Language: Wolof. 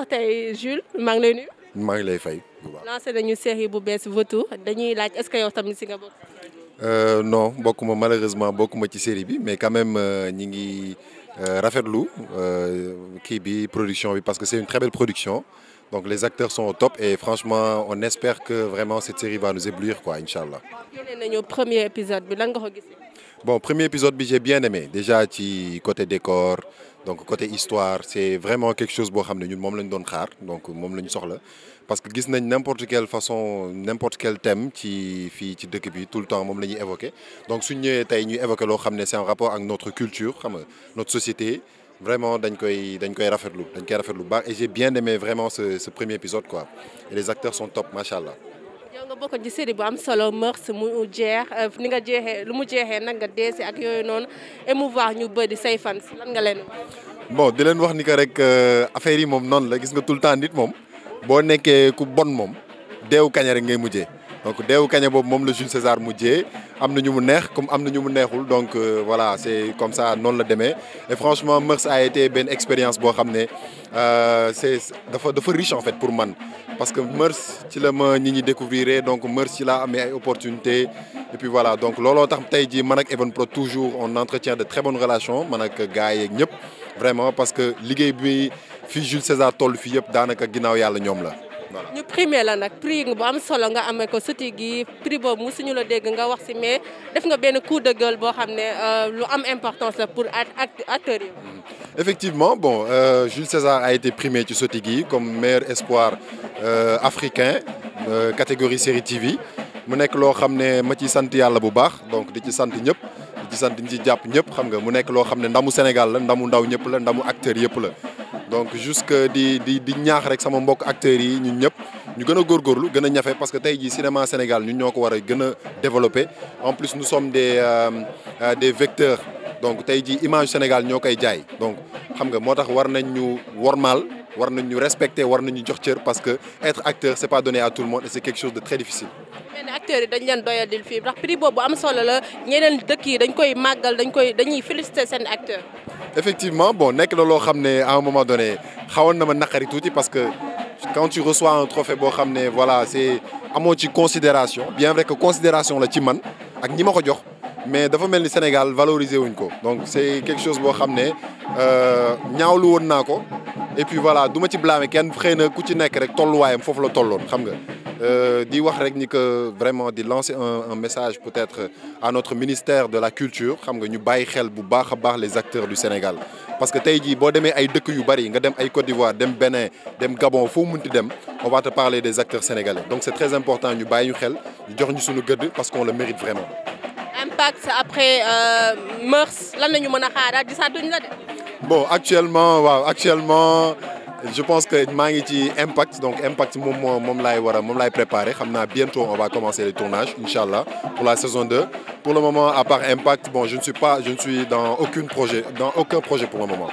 alors tey Jules maa ngi lay nuyu. ngi lay fay. lancé nañu série bu bees Vautour dañuy laaj est-ce que yow tamit si nga bokk. Euh, non bokkuma malheureusement bokkuma ci série bi mais quand même euh, ñi ngi euh, rafetlu kii bi production bi parce que c'est une très belle production donc les acteurs sont au top et franchement on espère que vraiment cette série va nous éblouir quoi incha allah. yéene bi lan nga ko bon premier épisode bi j'ai bien aimé déjà ci côté décor donc côté histoire c'est vraiment quelque chose boo xam ne ñun moom la doon xaar donc moom la ñu soxla parce que gis nañ n'importe quelle façon n'importe quel thème ci fii ci dëkk bi tout le temps moom la ñuy évoquer donc suñ ñëwee tey ñu évoquer loo xam ne c'est en rapport ak notre culture xam nga notre société vraiment dañ koy dañ koy rafetlu dañ koy rafetlu bu baax et j'ai bien aimé vraiment ce ce premier épisode quoi et les acteurs sont top macha yow nga bokk ci série bu am solo mœurs mu jeex euh, ni nga jeexee lu mu jeexee nag nga deesi ak yooyu noonu émouvoir ñu bëri say fans lan nga leen bon di leen wax ni que rek euh, affaire yi moom noonu la gis nga tout le temps nit moom boo nekkee ku bon moom deewu kañ rek ngay mujjee donc deewu kañe boobu moom la Jules César mujjee am na ñu mu neex comme am na ñu mu neexul donc euh, voilà c'est comme ça noonu la demee et franchement Mœurs a été benn expérience boo xam ne euh, c'est dafa dafa riche en fait pour man parce que Mœurs ci la ma nit ñi découvrir donc Mœurs ci laa amee ay opportunités et puis voilà donc looloo tax tey jii man ak Evenprod toujours on entretient de très bonnes relations man ak gars yeeg ñëpp vraiment parce que liggéey bi fii Jules César toll fii yëpp daanaka ginnaaw yàlla ñoom la ñu primé la nag prix bu am solo nga amee ko soti gi prix boobu suñu la dégg nga wax si mais def nga benn coup de gueule boo xam ne euh, lu am importance la pour acteurs yi. Mm. effectivement bon euh, Jules César a été primé ci soti gi comme meilleur espoir euh, africain euh, catégorie série TV mu nekk loo xam ne ma ciy sant yàlla bu baax donc di ci sant ñëpp. di sant ñi ci jàpp ñëpp xam nga mu nekk loo xam ne ndamu Sénégal la ndamu ndaw ñëpp la ndamu acteur yëpp la. donc jusque di di di ñaax rek sama mbokk acteurs yi ñun ñëpp ñu gën a góorgóorlu gën a ñafe parce que tey jii cinéma Sénégal ñu ñoo ko war a gën a développé en plus nous sommes des euh, euh, des vecteurs donc tey jii image Sénégal ñoo koy jaay donc xam nga moo tax war nañ ñu wormaal war nañ ñu respecter war nañ ñu jox cër parce que être acteur c'est pas donné à tout le monde et c'est quelque chose de très difficile. mais ne acteurs yi dañ leen doyalil fii ndax boobu am solo la ñeneen dëkk yi dañ koy màggal dañ koy dañuy féliciter seen effectivement bon nekk la loo xam ne à un moment donné xawoon na ma naqari tuuti parce que quand tu reçois un trophée boo xam ne voilà c'est amoo ci considération bien vrai que considération la ci man ak ñi ma ko jox mais dafa mel ni Sénégal valoriser wuñ ko donc c'est quelque chose boo xam ne euh, ñaawlu woon naa ko et puis voilà du ma ci blâmer kenn xëy na ku ci nekk rek tolluwaayam foofu la tolloon xam nga Euh, di wax rek ni que vraiment di lancer un, message peut-être à notre ministère de la culture xam nga ñu bàyyi xel bu baax a baax les acteurs du Sénégal parce que tey jii boo demee ay dëkk yu bari nga dem ay Côte d'Ivoire dem Bénin dem Gabon foo munti dem on va te parler des acteurs sénégalais donc c'est très important ñu bàyyi xel jox ñu suñu gëdd parce qu'on le mérite vraiment. impact après euh, mœurs lan la ñu mën a xaaraat gisaatuñ la de. bon actuellement waaw actuellement. je pense que maa ngi ci impact donc impact moom moo moom war a moom laay préparé xam na bientôt on va commencer les tournages incha allah pour la saison 2 pour le moment à part impact bon je ne suis pas je ne suis dans aucun projet dans aucun projet pour le moment.